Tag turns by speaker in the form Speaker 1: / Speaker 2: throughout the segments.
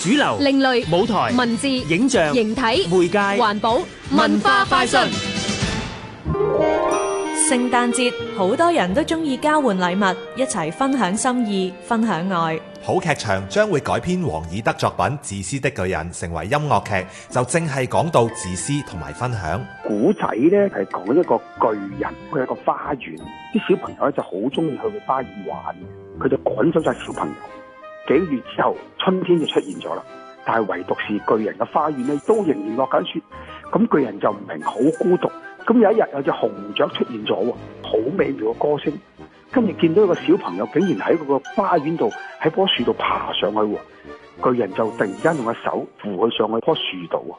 Speaker 1: 主流、另類舞台、文字、影像、形
Speaker 2: 體、媒介、環保、文化、快訊。聖誕節好多人都中意交換禮物，一齊分享心意、分享愛。
Speaker 3: 好劇場將會改編王爾德作品《自私的巨人》成為音樂劇，就正係講到自私同埋分
Speaker 1: 享。古仔呢係講一個巨人，佢有個花園，啲小朋友就好中意去佢花園玩嘅，佢就趕走晒小朋友。幾個月之後，春天就出現咗啦。但係唯獨是巨人嘅花園咧，都仍然落緊雪。咁巨人就唔明，好孤獨。咁有一日，有隻紅雀出現咗，好美妙嘅歌聲。跟住見到一個小朋友，竟然喺嗰個花園度，喺棵樹度爬上去。巨人就突然間用個手扶佢上去棵樹度。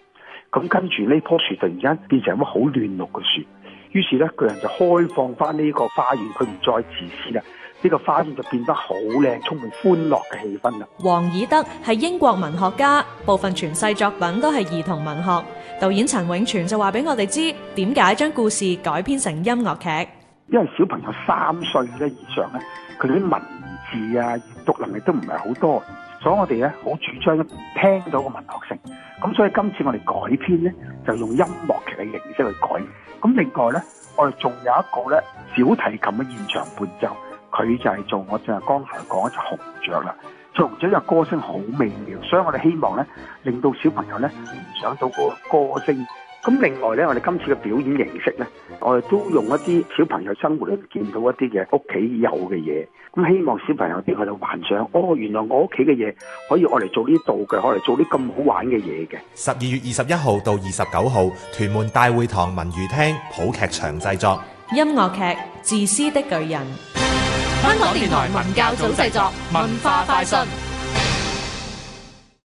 Speaker 1: 咁跟住呢棵樹突然間變成一棵好嫩綠嘅樹。於是咧，巨人就開放翻呢個花園，佢唔再自私啦。呢、這個花園就變得好靚，充滿歡樂嘅氣氛啦。
Speaker 2: 王爾德係英國文學家，部分傳世作品都係兒童文學。導演陳永全就話俾我哋知點解將故事改編成音樂劇，
Speaker 1: 因為小朋友三歲咧以上咧，佢哋啲文字啊、閱讀能力都唔係好多，所以我哋咧好主張聽到個文學性。咁所以今次我哋改編咧，就用音樂劇嘅形式去改。咁另外咧，我哋仲有一個咧小提琴嘅現場伴奏，佢就係做我淨係剛才講一隻紅雀啦。紅雀嘅歌聲好美妙，所以我哋希望咧，令到小朋友咧，想到個歌聲。咁另外咧，我哋今次嘅表演形式咧，我哋都用一啲小朋友生活裏見到一啲嘅屋企有嘅嘢，咁希望小朋友啲佢哋幻想，哦，原來我屋企嘅嘢可以我嚟做啲道具，可嚟做啲咁好玩嘅嘢嘅。
Speaker 3: 十二月二十一號到二十九號，屯門大會堂文娛廳普劇場製作
Speaker 2: 音樂劇《自私的巨人》，香港電台文教組製作，文化快訊。